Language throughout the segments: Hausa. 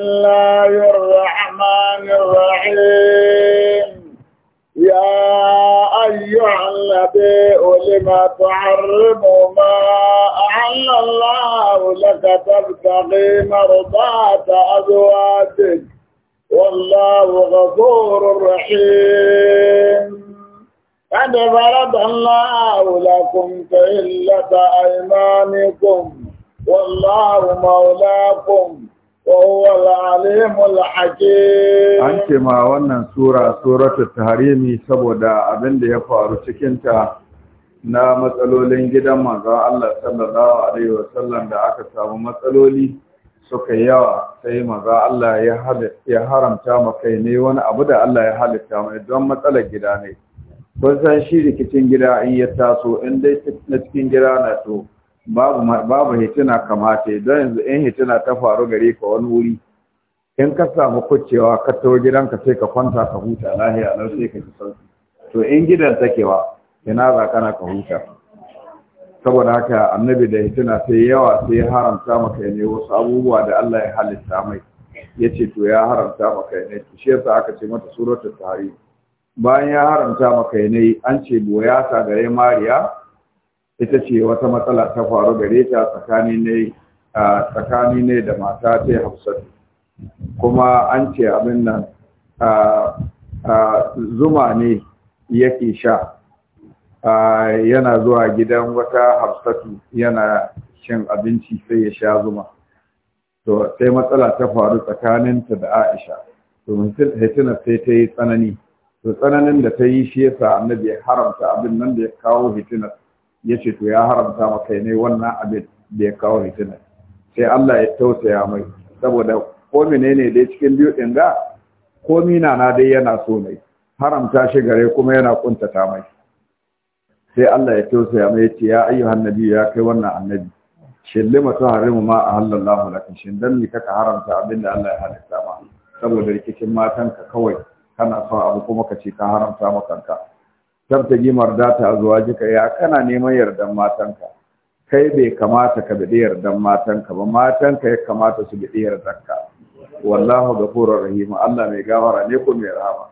الله الرحمن الرحيم يا أيها النبي لما تعرم ما أعلى الله لك تبتغي مرضات أزواجك والله غفور رحيم قد فرض الله لكم تهلة أيمانكم والله مولاكم An ce ma wannan Sura, Suratu Taharimi saboda abin da ya faru cikinta na matsalolin gidan manzon Allah sallallahu Alaihi wasallam da aka samu matsaloli suka yawa sai manzon Allah ya haramta makai ne wani abu da Allah ya halitta mai don matsalar gida ne. Kun san shi rikicin gida in ya taso in dai na cikin gida na to. babu babu hitina kamata don yanzu in hitina ta faru gare ka wani wuri in ka samu kucewa ka tawo gidanka sai ka kwanta ka huta lahiya nan sai ka ji sauki to in gidan takewa ina za kana ka huta saboda haka annabi da hitina sai yawa sai ya haramta maka ne wasu abubuwa da Allah ya halitta mai yace to ya haramta maka ne to shi yasa aka ce mata suratul tahrim bayan ya haramta maka ne an ce boya ta gare mariya ita ce wata matsala ta faru gare ta tsakani ne da mata ta Hafsatu kuma an ce abin nan zuma ne yake sha yana zuwa gidan wata Hafsatu yana shan abinci sai ya sha zuma to sai matsala ta faru tsakaninta da Aisha to hitina sai ta yi tsanani to tsananin da ta yi shi yasa annabi ya haramta abin nan da ya kawo hitinar ya ce to ya haramta maka ne wannan abin da ya kawo fitina sai Allah ya tausaya mai saboda ko menene dai cikin biyu din ga ko mina na dai yana so mai haramta shi gare kuma yana kuntata mai sai Allah ya tausaya mai yace ya ayyuhan nabi ya kai wannan annabi shin lima harimu ma a ahallallahu lakin shin dan ni kaka haramta abin da Allah ya halitta ma saboda rikicin matanka kawai kana son abu kuma ka ce ka haramta makanka gimar data zuwa jika ya kana neman yardan matanka kai bai kamata ka bidi yardan matanka ba matanka ya kamata su bidi ka. wallahu ghafurur Rahimu Allah mai gafara ne ko mai rahama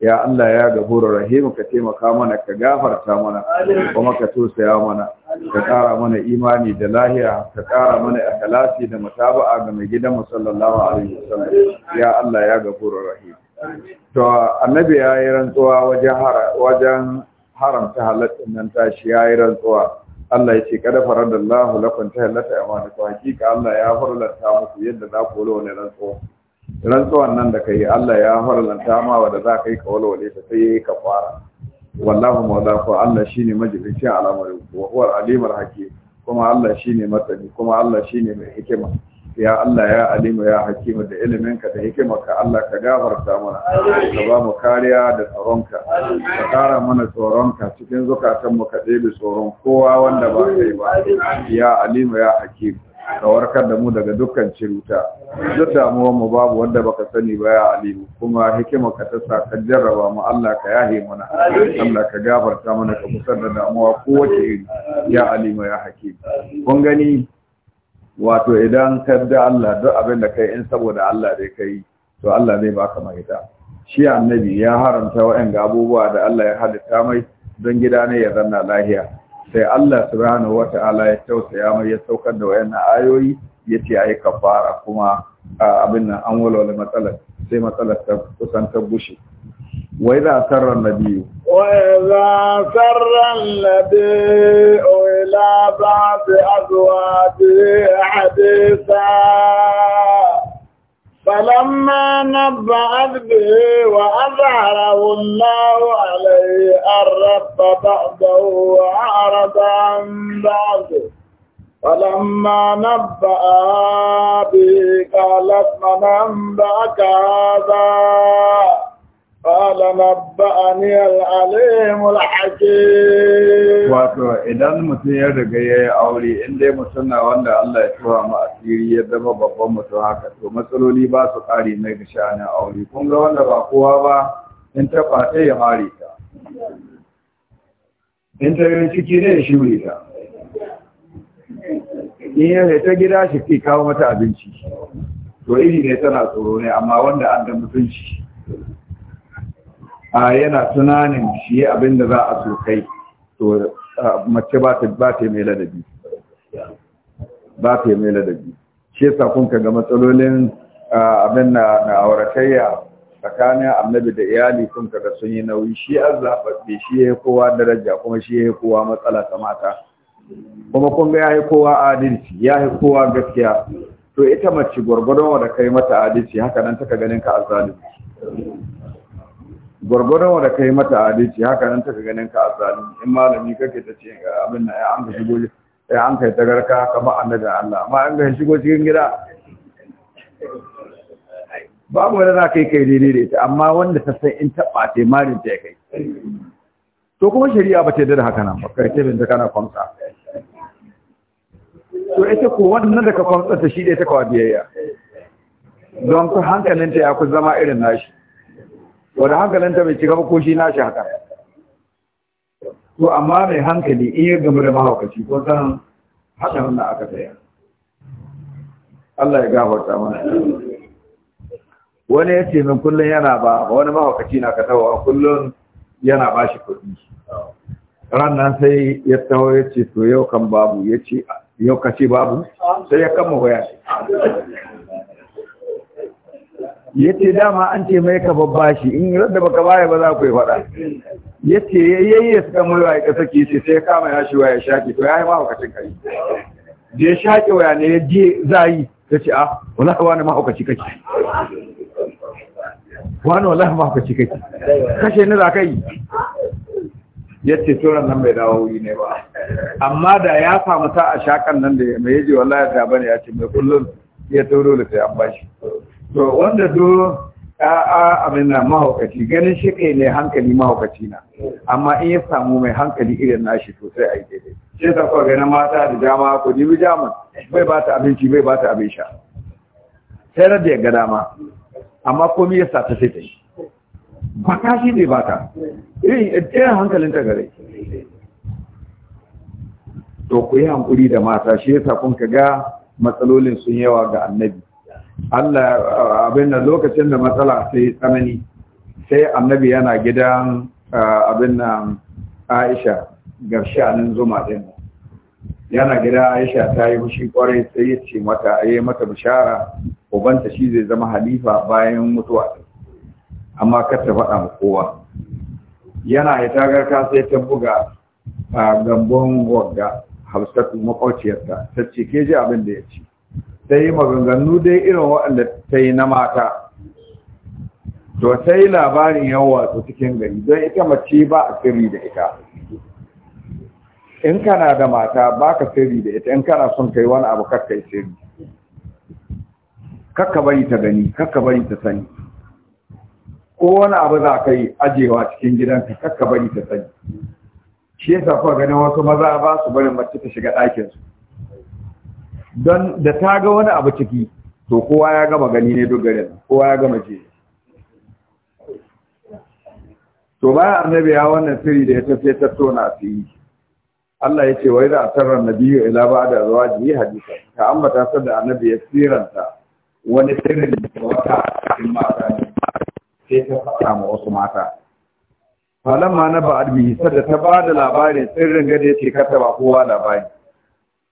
ya Allah ya ghafurur Rahimu ka taimaka mana ka gafarta mana kuma ka tosaya mana ka ƙara mana imani da lahiya ka ƙara mana ikhlasi da mutaba'a ga mai gidan mu sallallahu alaihi wasallam ya Allah ya ghafurur Rahimu. to annabi ya yi rantsuwa wajen haramta halattun nan tashi ya yi rantsuwa Allah ya ce kada farar da Allah lakon ta halatta ya wani to hakika Allah ya farlanta muku yadda za ku wani rantsuwa rantsuwan nan da kai Allah ya farlanta ma wanda za ka yi ka walwale ta sai yayi ka fara wallahu ko Allah shine majalisin al'amari wa huwa alimul hakim kuma Allah shine matsayi kuma Allah shine mai hikima ya Allah ya alimu ya hakima da iliminka da ka Allah ka gafarta mana ka ba mu kariya da tsaronka ka kara mana tsoronka cikin zukatanmu ka ɗebe tsoron kowa wanda ba kai ba ya alimu ya hakimu ka warkar da mu daga dukkan ciruta duk damuwar mu babu wanda baka sani ba ya alimu kuma hikima ka ta sa ka jarraba mu Allah ka yahe mana Allah ka gafarta mana ka kusar da damuwa kowace iri ya alimu ya hakim kun gani wato idan ka Allah duk abin da kai in saboda Allah dai kai to Allah zai baka mahita shi annabi ya haramta wa'anga abubuwa da Allah ya halitta mai don gida ne ya zanna lahiya sai Allah subhanahu wata'ala ya tausaya mai ya saukar da wayannan ayoyi yace ayi kafara kuma abin nan an walwala matsalar sai matsalar ta kusan ta bushe wa idza sarra nabiyyu wa idza sarra nabiyyu إلى بعض أزواجه حديثا فلما نبأت به وأظهره الله عليه الرب بعضه وأعرض عن بعضه فلما نبأ به قالت من أنبأك هذا قال نبأني العليم الحكيم wato idan mutum ya riga ya yi aure in dai mutum na wanda Allah ya tura mu asiri ya zama haka to matsaloli ba su ƙari ga sha'anin aure kun ga wanda ba kowa ba in ta fata ya in ta yi ciki ne ya shuri ta in ta gida shi ke kawo mata abinci to iri ne tana tsoro ne amma wanda an da mutunci a yana tunanin shi abin da za a so kai to mace ba ta ba ta mai ladabi ba ta mai ladabi shi yasa kun ka ga matsalolin abin na na auratayya tsakanin annabi da iyali kun ka ga sun yi nauyi shi Allah babbe shi yayi kowa daraja kuma shi yayi kowa matsala ta mata kuma kun ga yayi kowa adalci yayi kowa gaskiya to ita mace gwargwadon da kai mata adalci haka nan taka ganin ka azzalimi gwargwadon wanda ka yi mata adalci haka nan ta ganin ka a azalimi in malami kake ta ce abin na an ka shigo ya an kai tagarka kamar annabi Allah amma an ga shigo cikin gida babu wanda za ka yi kai daidai da ita amma wanda ta san in taɓa ta marin ta kai to kuma shari'a ba ta yarda haka nan ba kai ta binta kana kwamsa to ita ko wannan da ka kwamsa ta shi ɗaya ta kawai biyayya don ku hankalinta ya ku zama irin nashi hankalin hankalinta mai cika ko shi nashi haka to amma mai hankali in ya gama da mahaukaci ko san haka nan aka tsaya Allah ya gafarta mana wani ya ce min kullum yana ba wani mahaukaci na ka tawa kullum yana ba shi kuɗi rannan sai ya tawo ya ce to yau kan babu ya ce yau ka ce babu sai ya kama waya yace dama an ce mai ka babbashi in yadda baka baya ba za ku yi faɗa yace yayye suka mai wa ka saki sai sai kama ya shiwa ya shaki to yayi mahaukacin kai da ya shaki waya ne ya je zai ta ce a ah, wallahi wani mahaukaci kake wani wallahi mahaukaci kake kashe ni za ka yi yace turan nan bai dawo wuri ne ba amma da ya samu ta a shakan nan da mai yaji wallahi ta bane ya ce mai kullum ya tauro da sai an bashi to wanda zo a abin na mahaukaci ganin shi kai ne hankali mahaukaci na amma in ya samu mai hankali irin nashi sosai a yi daidai shi ta kwa ganin mata da dama ko jibi jamun bai ba ta abinci bai ba ta abin sha sai da yaga ga dama amma komi ya sa ta sai ta yi ba ka shi ne ba ta eh, irin hankalin ta gare to ku yi hankuli da mata shi yasa kun ka ga matsalolin sun yawa ga annabi Allah abin da lokacin da matsala sai tsanani sai annabi yana gidan abin nan Aisha garshanin zuma din yana gida Aisha ta yi mushi kwarai sai ya ce mata ayi mata bishara ubanta shi zai zama halifa bayan mutuwa amma kar ta faɗa ma kowa yana ya ka sai ta buga a gambon wagga hafsatu makwaciyarta ta ce ke ji abin da ya ce ta yi maganganu dai irin waɗanda ta yi na mata to yi labarin yawa su cikin gari don ita mace ba a sirri da ita in kana da mata ba ka sirri da ita in kana son kai wani abu karka yi sirri kakka bari ta gani kakka bari ta sani ko wani abu za ka yi ajewa cikin gidanka kakka bari ta sani shi yasa kuwa ganin wasu maza ba su barin mace ta shiga ɗakinsu don da ta ga wani abu ciki to kowa ya gama gani ne duk garin kowa ya gama ce to bayan annabi ya wannan sirri da ya tafiye ta tona a fiye Allah ya ce wai da asarar nabiyu ila ba da zuwa yi hadisa ta ambata sa da annabi ya siranta wani sirri da wata cikin mata ne sai ta fata ma wasu mata falamma na ba'ad bihi sadda ta ba da labarin sirrin gade ce kata ba kowa labari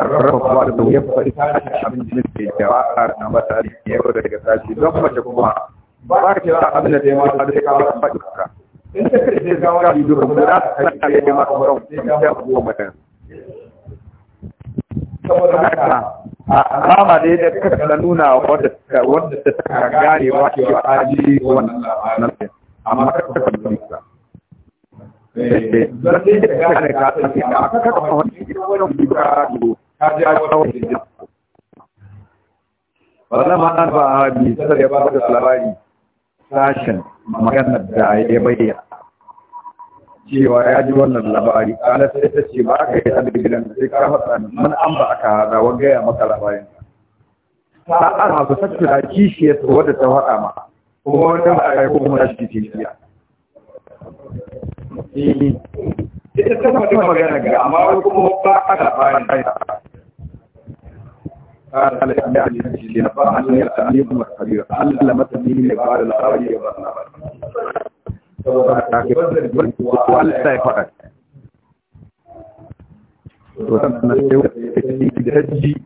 rafa faɗo ya faɗi tashi abin da ke jama'a na mata da ke yau daga tashi don mace kuma ba ka ce za abin da ta yi mata da kawo ta faɗi kuka in ta kai sai gawa da duka, kuma za ta kai ta yi mata mara sai ta yi abuwa mata saboda haka a alama dai da kaka da nuna wanda ta gane wa ke wa aji wannan labarin amma ta ta faɗi kuka wannan ma an ba a bi sai ya ba da labari sashen maganar da ya bayyana cewa ya ji wannan labari ana sai ta ce ba ka yi adigilan sai ka faɗa Mun an ba aka hada wa gaya maka labarin ta an hasu sakta da kishi ya wadda ta faɗa ma kuma wani ba a yi kuma shi cikin ya ita ta faɗi magana ga amma wani kuma ba a labari قال على أمير الجليل نبع على التعليم والخبير علم التميم لبعض العربية وعلى السيفرة وتمنى السيوة التجي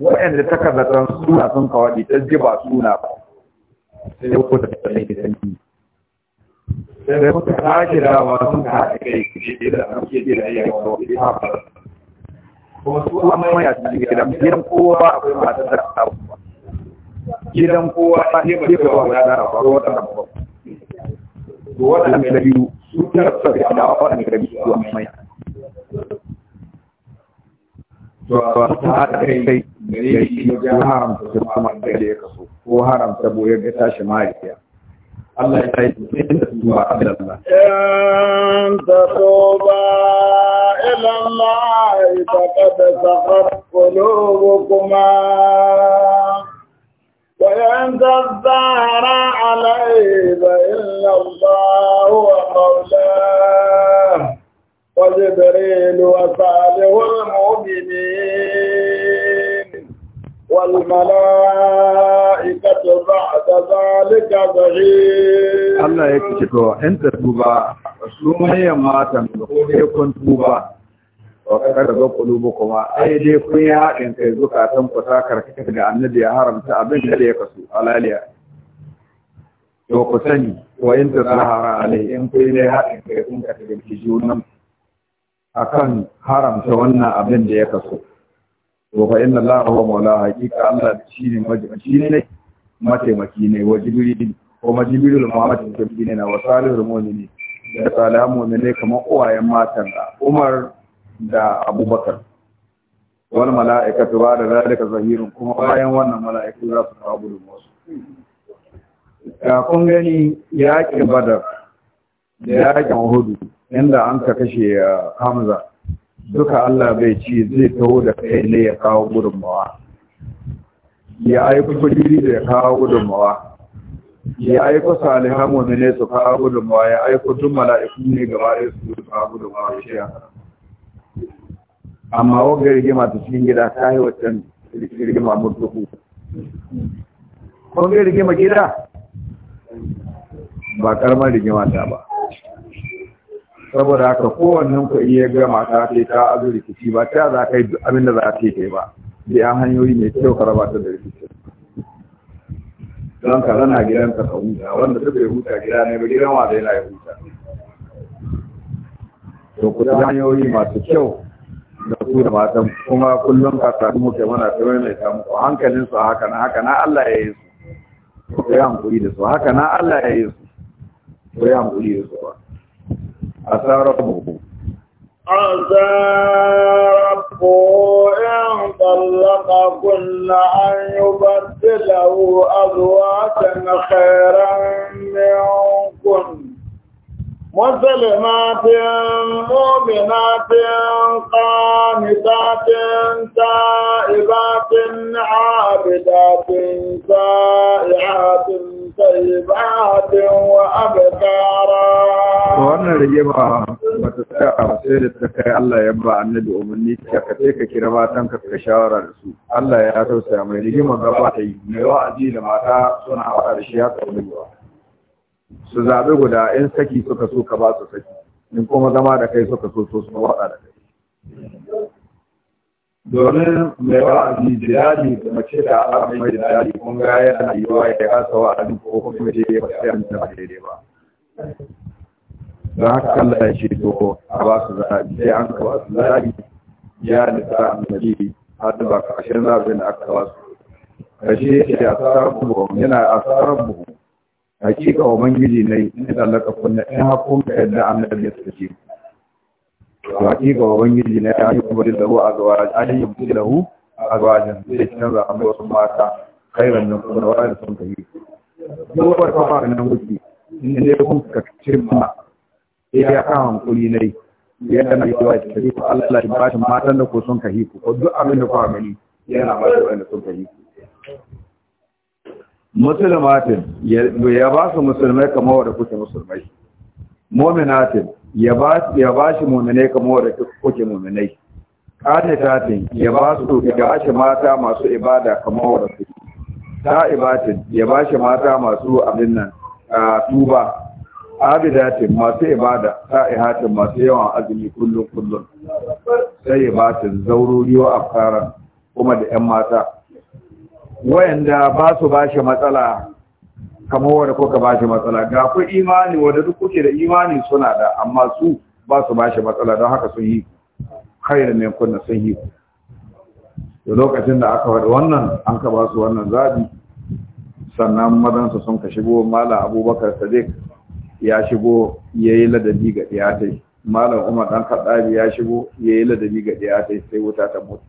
وإن لتكذا تنسونا تنقوى لتجي بعسونا سيوة التجي da suka sake dawa sun haɗa kai shi da ake jira ya kawo da haka kuma su amma ya ci gidan gidan kowa kuma masu da abu gidan kowa ta ne ba ce wani da abu wata abu to wata mai da biyu su tarfa da dawa wata mai da biyu su amma ya to a ta haɗa kai kai da shi ya haramta su kuma da ya kaso ko haramta boyar ya tashi mahaifiya Allah ya sai da inda zuwa Allah. In ta toba ila Allah ta kada zakar kulubu kuma. وإن تزهر عليه فإن الله هو مولاه وجبريل وصالح المؤمنين Allah والملائكة بعد ذلك ظهير su يكتبه أنت توبا سومي ما تنقل كنت توبا wakar da kulubu kuma ai dai kun yi haɗin kai zukatan ku ta karkata da annabi ya haramta abin da ya kasu alaliya to ku sani wa in ta zahara alai in kun yi haɗin kai kun ka tafi junan akan haramta wannan abin da ya kasu wa inna Allah huwa mawla haƙiƙa Allah shine shi ne mataimaki ne wa jibril ko majibrilul da tafi ne na wa salihul mu'minin da salihan mu'minai kamar uwayen matan Umar da Abubakar wal mala'ikatu ba da zalika zahirun kuma bayan wannan mala'iku za su kawo gudun wasu kun gani yaƙin badar da yaƙin hudu inda an ka kashe uh, hamza duka Allah bai ci zai taho da kai ne ya kawo gudunmawa ya aiko kudiri da ya kawo gudunmawa ya aiko salihan ne su kawo gudunmawa ya aiko tun mala'iku ne gaba ɗaya su kawo gudunmawa shi ya amma ya rigima ta cikin gida ta yi wancan rigima murtuku ya ga rigima gida ba karamar rigima ta ba saboda haka kowannen ku iya ga gama ta ce ta azu rikici ba ta za ka yi abin da za ta kai ba da ya hanyoyi mai kyau ka raba ta da rikici don ka rana gidan ka ka huta wanda duk bai huta gida ne ba gidan wanda yana yi huta to ku ta hanyoyi masu kyau da ku da matan kuma kullum ka sami muke mana ta mai ta muku hankalin su haka na haka na Allah ya yi su ku yi hankuri da su haka na Allah ya yi su ku yi hankuri da su ba عسى ربه عسى ربه إن طلق كل أن يبدله أزواجا خيرا منكم مسلمات مؤمنات قانتات تائبات عابدات سائحات طيبات وأبكارا wannan rage ba ba ta tsaya a sai da ta kai Allah ya ba annabi umarni ta ka ce ka kira matan ka ka shawara da su Allah ya tausaya mai rigima ga ba ta yi mai wa'azi da mata suna haɗa da shi ya tsauni ba su zaɓi guda in saki suka so ka ba su saki in kuma zama da kai suka so su su haɗa da kai domin mai wa'azi jidali da mace da alamai jidali kun ga yana yiwa ya kasa wa'azi ko kuma ya yi ba sai ba daidai ba don haka Allah ya ce to a ba su zaɓi sai an kawo su zaɓi ya nisa annabi har da ba ƙarshen zaɓin da aka kawo su ƙarshe ya ce a sarrafa yana a sarrafa hakika wa mangiji na yi da laka kunna in hakun ka yadda annabi ya tsaye to hakika wa mangiji na ya yi kuma da lahu a zawajin an yi kuma da hu? a zawajin zai canza an wasu mata kairan nan kuma da wani sun kai. Kuma ba ta fara nan wuce in dai kun ka cimma ya ka hankuri nai yadda na yawa ta hiku Allah shi bashin matan da ko sun ka hiku ko duk abin da kuka gani yana ba da wanda sun ka hiku musulmatin ya ba su musulmai kamar wadda kuke musulmai mu'minatin ya ba shi mu'minai kamar wadda kuke mu'minai qanitatin ya ba su ga shi mata masu ibada kamar wanda kuke ta'ibatin ya ba shi mata masu abin nan tuba abidatin masu ibada ta ihatin masu yawan azumi kullum kullum sai ibatin zaururi wa afkara kuma da 'yan mata wayanda ba su ba shi matsala kamar wanda kuka ba shi matsala ga ku imani wanda duk kuke da imani suna da amma su ba su ba matsala don haka sun yi khairin ne kunna sun yi da lokacin da aka faɗi wannan an ka ba su wannan zabi sannan madansa sun ka shigo mala abubakar sadiq ya shigo ya yi ladabi ga ɗiyatai malam umar ɗan kaɗabi ya shigo ya yi ladabi ga ɗiyatai sai wuta ta mutu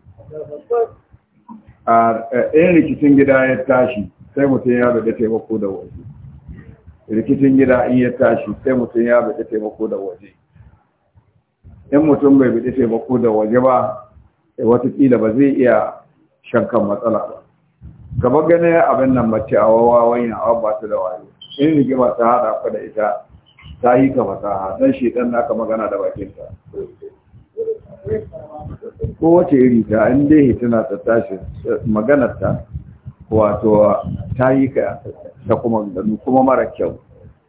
a ɗin rikicin gida ya tashi sai mutum ya bada taimako da waje rikicin gida in ya tashi sai mutum ya bada taimako da waje in mutum bai bada taimako da waje ba watakila ba zai iya shankan matsala ba gaba ganin abin nan mace a wawawan yana ba ta da waje in rigima ta haɗa ku da ita ta yi ka fasaha don shedan naka magana da bakinta kowace iri ta an dai hituna ta tashi maganarta wato ta yi ka ta kuma ganu kuma mara kyau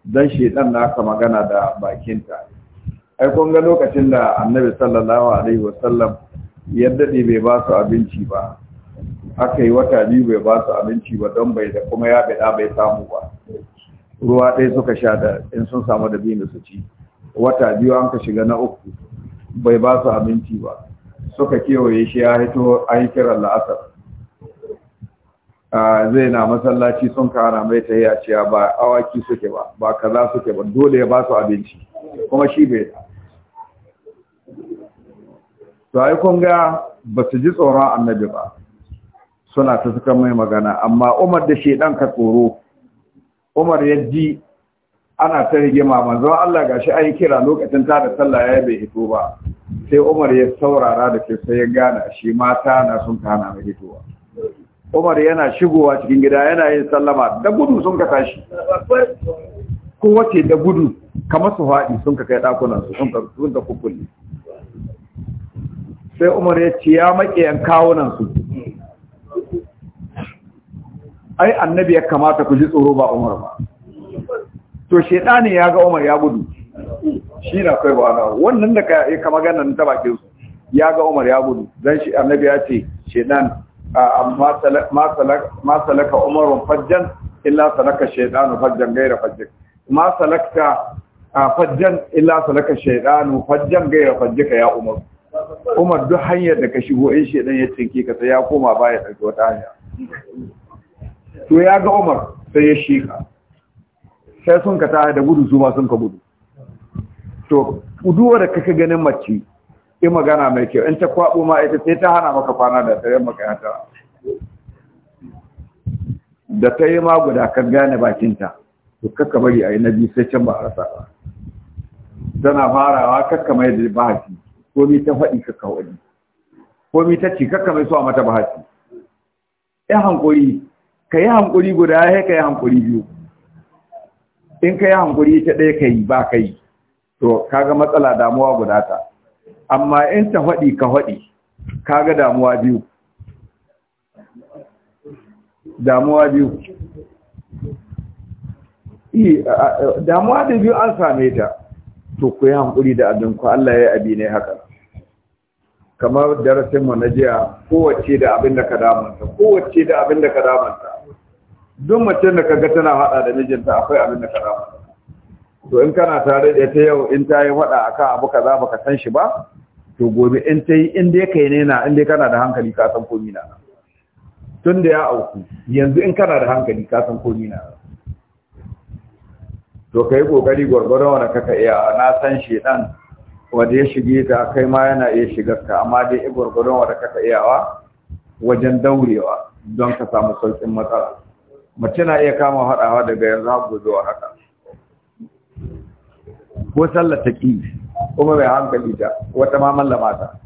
don shedan naka magana da bakinta ai kun ga lokacin da annabi sallallahu alaihi wasallam ya dade bai ba su abinci ba aka yi wata biyu bai ba su abinci ba don bai da kuma ya bada bai samu ba ruwa ɗaya suka sha da in sun samu da biyu su ci wata biyu an ka shiga na uku bai ba su abinci ba suka kewaye shi ya hito an yi kiran la'asar zai na masallaci sun kara mai ta yi ciya ba awaki suke ba ba kaza suke ba dole ya ba su abinci kuma shi bai da to ai kun ga ba su ji tsoron annabi ba suna ta suka mai magana amma umar da shi ɗan ka tsoro Umar ya ji ana ta rigima manzo Allah gashi ai kira lokacin ta da sallah ya bai hito ba sai Umar ya saurara da ke sai ya gana shi mata na sun kana mai hitowa Umar yana shigowa cikin gida yana yin sallama da gudu sun ka tashi wace da gudu kamar su haɗi sun ka kai ɗakunan su sun ka kukkulle sai Umar ya ce ya maƙiyan kawunan su ai annabi ya kamata ku ji tsoro ba umar ba to shedani ya ga umar ya gudu shi na kai ba wannan da ka magana kama ganin ta bakin su ya ga umar ya gudu dan shi annabi ya ce shedan ma salaka umarun fajjan illa salaka shedanu fajjan gaira fajjan ma salakta fajjan illa salaka shedanu fajjan gaira fajjika ya umar umar duk hanyar da ka shigo in shedan ya tinke ka sai ya koma baya ɗauki wata hanya to ya ga Umar sai ya shika sai sun ka tare da gudu su ma sun ka gudu to uduwa da kake ganin mace in magana mai kyau in ta kwabo ma ita sai ta hana maka kwana da tare maka yata da ta yi ma guda ka gane bakinta to kakka bari a yi na biyu sai can ba a rasa ba tana farawa kakka mai da ko mi ta faɗi kakka wani mi ta ci kakka mai so a mata bahati ɗan hankuri ka yi hankuri guda ya ka yi hankuri biyu in ka yi hankuri ta ɗaya ka yi ba ka yi to kaga matsala damuwa guda ta amma in ta haɗi ka haɗi, kaga damuwa biyu damuwa biyu damuwa da biyu an same ta to ku yi hankuri da abinku Allah ya yi abi ne haka kamar darasinmu na jiya kowace da abin da ka damanta kowace da abin da ka damanta duk mace da kaga tana hada da mijinta akwai abin da kaza to in kana tare da ta yau in ta yi hada aka abu kaza baka san shi ba to gobe in ta yi in dai kai ne na in dai kana da hankali ka san komi na tun da ya auku yanzu in kana da hankali ka san komi na to kai kokari gwargwaron wanda kaka iya na san shedan wanda ya shige ta, kai ma yana iya shigar ka amma dai gwargwaron wanda kaka iyawa wajen daurewa don ka samu sauƙin matsala mace na iya kama haɗawa daga yanzu har zuwa haka ko sallar ta ƙi kuma mai hankali ta wata ma lamata,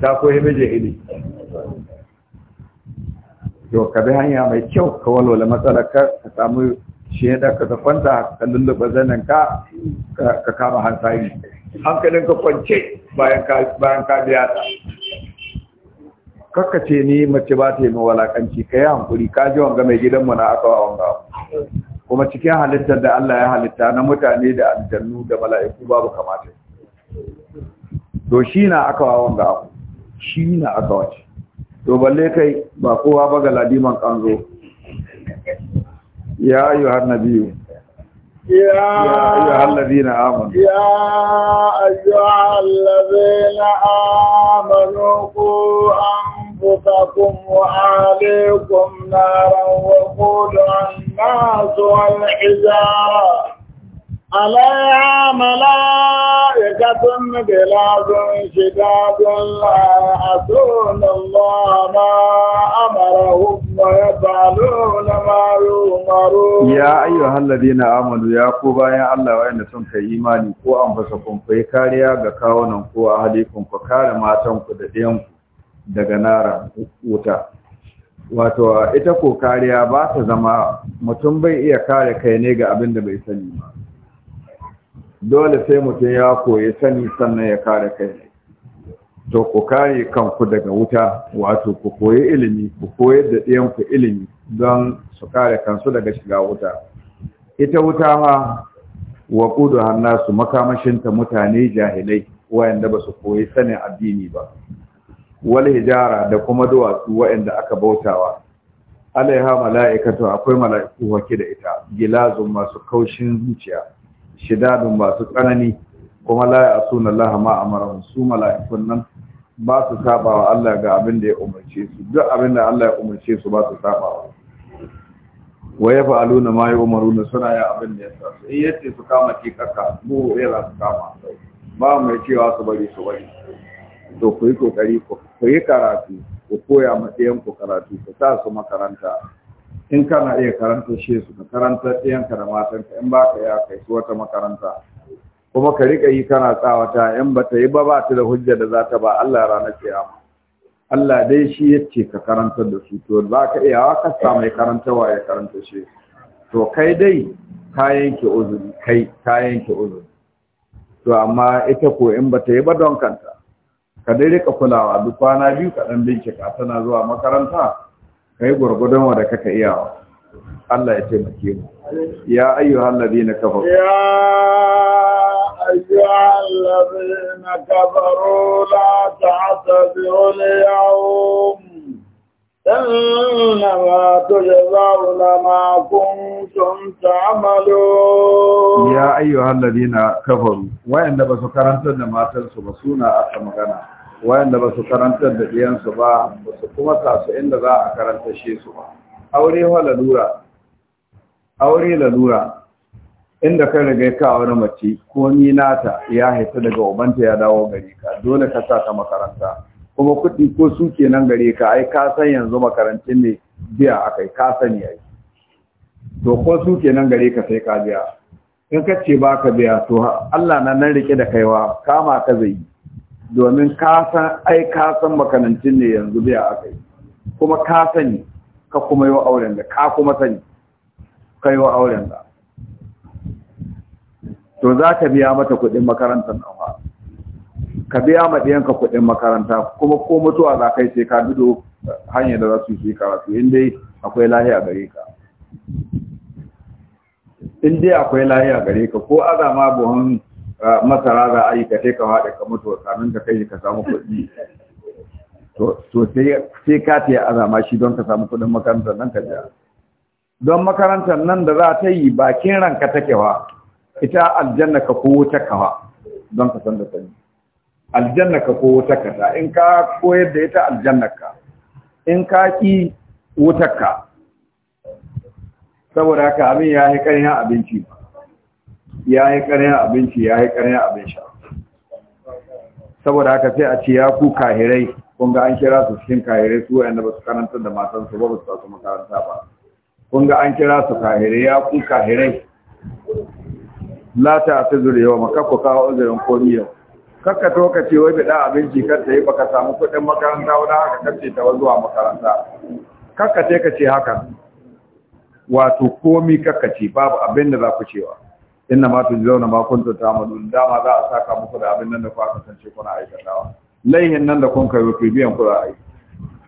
ta ta koyi mije ili to ka bi hanya mai kyau ka walwala matsalar ka ka samu shi yadda ka kwanta ka lulluɓa zanen ka ka kama hansari hankalin ka kwance bayan ka biya ta Kakka ce ni mace ba ta yi min walakanci ka yi hankuri ka ji wanga mai gidanmu na aka wa wanga kuma cikin halittar da Allah ya halitta na mutane da aljannu da mala'iku babu kamata to shi na aka wa wanga abu shi na aka wace to balle kai ba kowa ba ga ladiman kanzo ya ayyuhan nabiyyu يا أيها الذين آمنوا يا أيها الذين آمنوا قوا أنفسكم وعليكم نارا وقودها الناس والحجارة عليها ملائكة بلاد شداد لا يعصون الله ما أمرهم ويفعلون ما يؤمرون يا أيها الذين آمنوا يا قوبا يا الله وإن سنك إيماني قوة أنفسكم فيكاريا بكاونا قوة أهليكم فكار ما تنكو ددينكم daga nara wuta wato ita ko kariya ba ta zama mutum bai iya kare kai ne ga abin da bai sani ba dole sai mutum ya koyi sani sannan ya kare kai ne to ku kare kanku daga wuta wato ku koyi ilimi ku koyi da ɗiyanku ilimi don su kare kansu daga shiga wuta ita wuta ma wa kudu hannasu makamashinta mutane jahilai wayanda ba su koyi sanin addini ba wal hijara da kuma duwatsu waɗanda aka bautawa alaiha mala'ikatu akwai mala'iku wake da ita gilazun masu kaushin zuciya shidadun masu tsanani kuma la ya'suna Allah ma amara su mala'ikun nan ba su sabawa Allah ga abin da ya umarce su duk abin da Allah ya umarce su ba su sabawa wa ya fa'aluna ma ya umaruna suna ya abin da ya sa su in yace su kama kaka, mu ya za su kama ba mai cewa su bari su bari to ku yi kokari ku yi karatu ku koya ma ɗayan karatu ku sa su makaranta in kana iya karanta shi su ka karanta ɗayanka da matanka in ba ka iya kai su wata makaranta kuma ka riƙa yi kana tsawata in ba ta yi ba ba ta da hujja da za ta ba Allah ranar kiyama Allah dai shi ya ce ka karanta da su to za ka wa ka sa mai karantawa ya karanta shi to kai dai ka yanke uzuri kai ka yanke uzuri to amma ita ko in ba ta yi ba don kanta ka dai rika kulawa duk kwana biyu ka dan bincika tana zuwa makaranta kai gurgudun wa da kaka iyawa Allah ya taimake mu ya ayyuhal ladina kafaru ya ayyuhal ladina kafaru la ta'tabiru al-yawm إنما تجزون ما كنتم تعملون يا أيها الذين كفروا وإن بسكرنت ما تنسوا بسونا aka magana. wayanda ba su karantar da ɗiyansu ba ba su kuma sasu inda za a karanta shi su ba aure wa lalura aure lalura inda ka riga ka aure mace ko ni nata ya haifi daga ubanta ya dawo gare ka dole ka sa ta makaranta kuma kuɗi ko su kenan gare ka ai ka san yanzu makarantun ne biya akai ka sani ai to ko su kenan gare ka sai ka biya in ka ce ba ka biya to Allah na nan rike da kaiwa kama ka zai yi domin ka san ai ka san makarantun ne yanzu biya aka yi kuma ka sani ka kuma yi wa auren da ka kuma sani ka yi wa auren da to za ka biya mata kuɗin makarantar nan fa ka biya ma ɗiyanka kuɗin makaranta kuma ko mutuwa za ka yi sai ka bido hanyar da za su yi karatu in dai akwai lahiya gare ka in dai akwai lahiya gare ka ko azama buhun masara za a yi ka sai ka haɗe ka mutu kamin ka kai ka samu kuɗi to sai ka ta azama shi don ka samu kuɗin makarantar nan ka ja don makarantar nan da za ta yi bakin ranka take wa ita aljanna ka ko wuta kawa don ka san da sani aljanna ka ko wuta ta in ka koyar da ita aljanna ka in ka ki wuta ka saboda haka abin ya yi ƙarfin abinci ba ya yi ƙarin abinci ya yi ƙarin abin sha saboda haka sai a ce ya ku kahirai kun ga an kira su cikin kahirai su wayanda ba su karanta da matansu ba ba su tasu makaranta ba kun ga an kira su kahirai ya ku kahirai a ta zuri zurewa maka ku kawo uzurin komi yau kakka to ka ce wai ɗan abinci kar ta yi baka samu kuɗin makaranta wani haka kace ta zuwa makaranta kakka ce ka ce haka wato komi kakka ce babu abin da za ku cewa inna ma tujzauna ma kuntum ta'malun ma za a saka muku da abin nan da kuka kasance kuna aikatawa laihin nan da kun kai ku biyan ku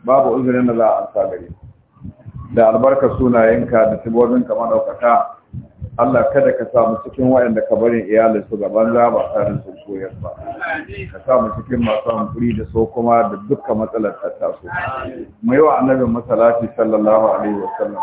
babu uzurin da za a amsa gare da albarka sunayenka da tibobin ka madaukaka Allah kada ka samu cikin waɗanda ka barin iyalin su gaban za ba tare su koyar ba ka samu cikin masu hankuri da so kuma da dukkan matsalar tattaso mu wa annabin masalati sallallahu alaihi wasallam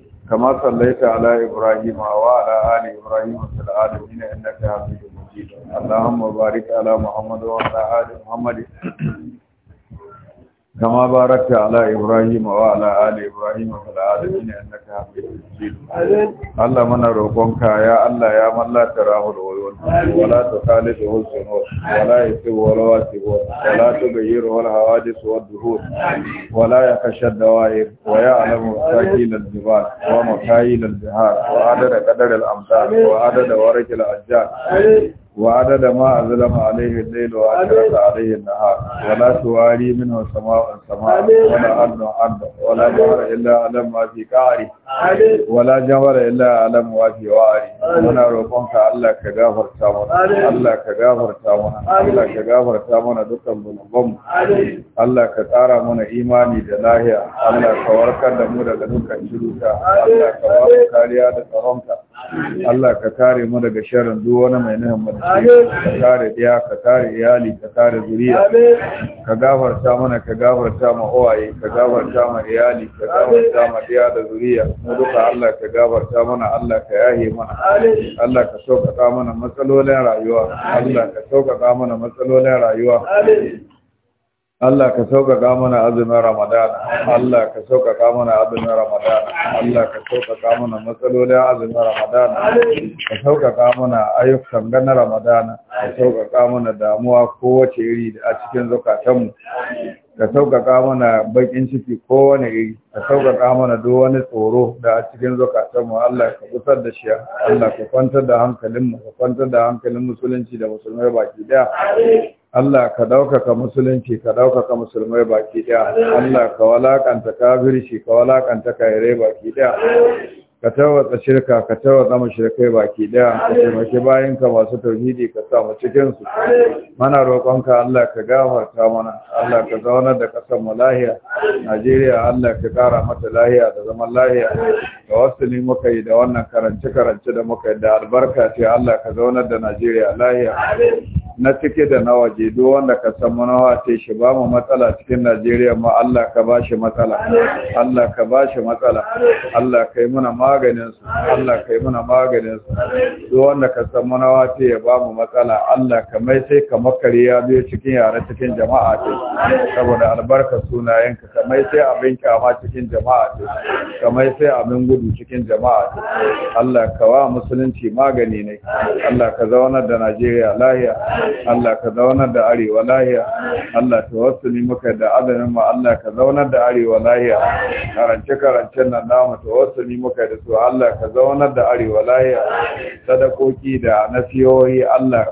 كما صليت على إبراهيم وعلى آل إبراهيم في العالمين إنك حميد مجيد اللهم بارك على محمد وعلى آل محمد كما باركت على إبراهيم وعلى آل إبراهيم في العالمين إنك حميد مجيد الله من روقك يا الله يا من لا تراه العيون ولا تخالفه السنور ولا يكتب ولا واسب ولا تغيره الحوادث والدهور ولا يخشى الدوائر ويعلم مساكين الجبال ومكاين البحار وعدد قدر الأمطار وعدد ورق الأشجار وعدد ما أظلم عليه الليل وأشرف عليه النهار ولا تواري منه سماء سماء ولا أرض أرض ولا جمر إلا علم ما في قعري ولا جمر إلا علم ما في وعري muna roƙonka Allah ka gafarta mana Allah ka gafarta mana Allah ka gafarta mana dukkan zunubanmu Allah ka tsara mana imani da lahiya Allah ka warkar da mu daga dukkan shiruta Allah ka ba mu kariya da tsaronka Allah ka kare mu daga sharrin duk wani mai nihin mace ka kare ɗaya ka kare iyali ka kare zuriya ka gafarta mana ka gafarta ma uwaye ka gafarta ma iyali ka gafarta ma ɗaya da zuriya mu duka Allah ka gafarta mana Allah ka yahe mana Allah ka sauƙaƙa mana matsalolin rayuwa Allah ka sauƙaƙa mana matsalolin rayuwa Allah ka sauƙaƙa mana azumin Ramadana, Allah ka sauƙaƙa mana azumin Ramadana, Allah ka sauƙaƙa mana matsalolin azumin Ramadana, ka sauƙaƙa mana ayyukan ganin Ramadana, ka sauƙaƙa mana damuwa kowace iri a cikin zukatanmu, ka sauƙaƙa mana bakin ciki kowane iri, ka sauƙaƙa mana duk wani tsoro da a cikin zukatanmu Allah ka kusar da shi, Allah ka kwantar da hankalinmu, ka kwantar da hankalin musulunci da musulmai baki daya. Allah ka ɗaukaka musulunci ka ɗaukaka musulmai baki ɗaya Allah ka walakanta kafirci ka walakanta kayarai baki ɗaya ka tawatsa shirka ka tawatsa mashirkai baki ɗaya. ka taimaki bayan ka masu tauhidi ka sa mu cikin su mana roƙonka Allah ka gafarta mana Allah ka zaunar da ƙasar mu lahiya Najeriya Allah ka ƙara mata lahiya da zaman lahiya da ne muka yi da wannan karance karance da muka yi da albarka ce Allah ka zaunar da Najeriya lahiya na cike da na waje duk wanda ka san manawa sai shi ba mu matsala cikin Najeriya ma Allah ka ba shi matsala Allah ka ba shi matsala Allah kai muna maganin su Allah kai muna maganin su duk wanda ka san manawa sai ya ba mu matsala Allah ka mai sai ka makariya ya biyo cikin yare cikin jama'a ce saboda albarka sunayen ka ka mai sai abin kyama cikin jama'a ce ka mai sai abin gudu cikin jama'a ce Allah ka wa musulunci magani ne Allah ka zauna da Najeriya lahiya Allah ka zaunar da arewa lahiya Allah wasu ne muka da adanin mu Allah ka zaunar da arewa lahiya karance karancen nan namu ne muka da su Allah ka zaunar da arewa lahiya sadakoki da nasiyoyi Allah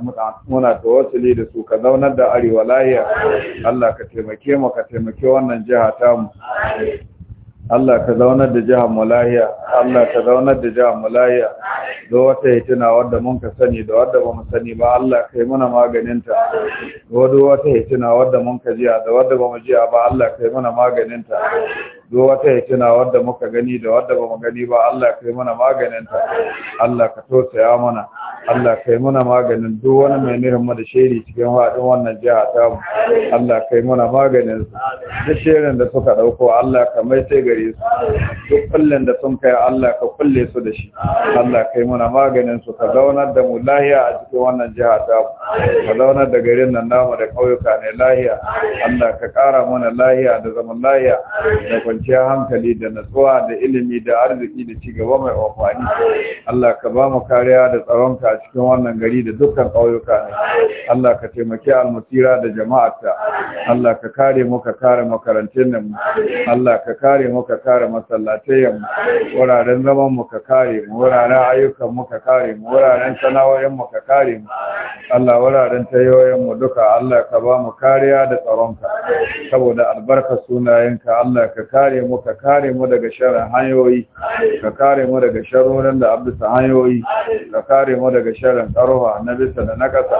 muna ne da su ka zaunar da arewa lahiya Allah ka taimake mu ka taimake wannan jiha tamu Allah ka zaunar da jihar Mulahiya, Allah ka zaunar da jihar Mulahiya, do wata hitina wadda mun ka sani da wadda ba mu sani ba Allah kai muna maganinta do wata hitina wadda mun ka jiya da wadda ba mu jiya ba Allah kai muna maganinta duk wata hitina wadda muka gani da wadda ba mu gani ba Allah kai mana ta. Allah ka tausaya mana Allah kai mana maganin duk wani mai nirin mu da shiri cikin haɗin wannan jiha ta mu Allah kai mana maganin su duk shirin da suka ɗauko Allah ka mai sai gare su duk kullun da sun kai Allah ka kulle su da shi Allah kai mana maganin su ka zaunar da mu lahiya a cikin wannan jiha ta mu ka zaunar da garin nan namu da kauyuka ne lahiya Allah ka kara mana lahiya da zaman lahiya da kwanciyar hankali da natsuwa da ilimi da arziki da cigaba mai amfani Allah ka ba mu kariya da tsaronka a cikin wannan gari da dukkan ƙauyuka ne Allah ka taimaki almusira da jama'arta Allah ka kare mu ka kare makarantun mu Allah ka kare mu ka kare masallatayen mu wuraren zaman mu ka kare mu wuraren ayyukan mu ka kare mu wuraren sana'o'in mu ka kare mu Allah wuraren tayoyin mu duka Allah ka ba mu kariya da tsaronka saboda albarka sunayenka Allah ka kare kare mu ka kare mu daga sharrin hanyoyi ka kare mu daga sharorin da abisa hanyoyi ka kare mu daga sharrin tsarowa na bisa da na ƙasa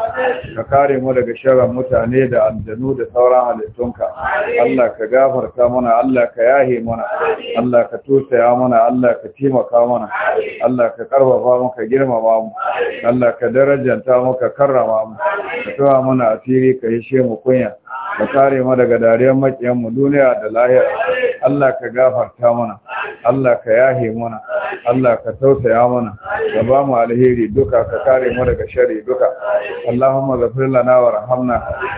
ka kare mu daga sharrin mutane da aljanu da sauran halittunka Allah ka gafarta mana Allah ka yahe mana Allah ka tosaya mana Allah ka taimaka mana Allah ka karfafa mu ka girmama mu Allah ka darajanta mu ka karrama mu ka tawa mana asiri ka yishe mu kunya ka kare mu daga dariyar makiyan mu duniya da lahira Allah ka gafarta mana Allah ka yahe mana Allah ka tausaya mana ka ba mu alheri duka ka kare mu daga shari duka Allahumma ghafir lana warhamna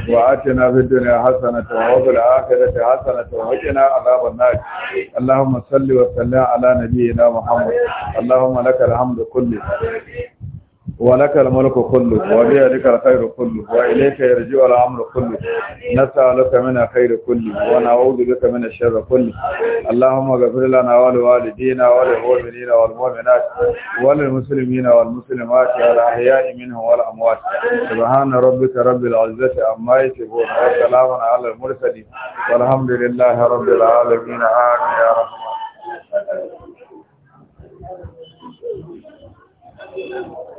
wa atina fid dunya hasanatan wa fil akhirati hasanatan wa qina adhaban nar Allahumma salli wa sallim ala nabiyyina Muhammad Allahumma lakal hamdu kulli ولك الملك كله وبيدك الخير كله وإليك يرجع الأمر كله نسألك من الخير كله ونعوذ بك من الشر كله اللهم اغفر لنا ولوالدينا وللمؤمنين والمؤمنات وللمسلمين والمسلمات والأحياء منهم والأموات سبحان ربك رب العزة عما يصفون وسلام على المرسلين والحمد لله رب العالمين آمين يا رحمن Thank you.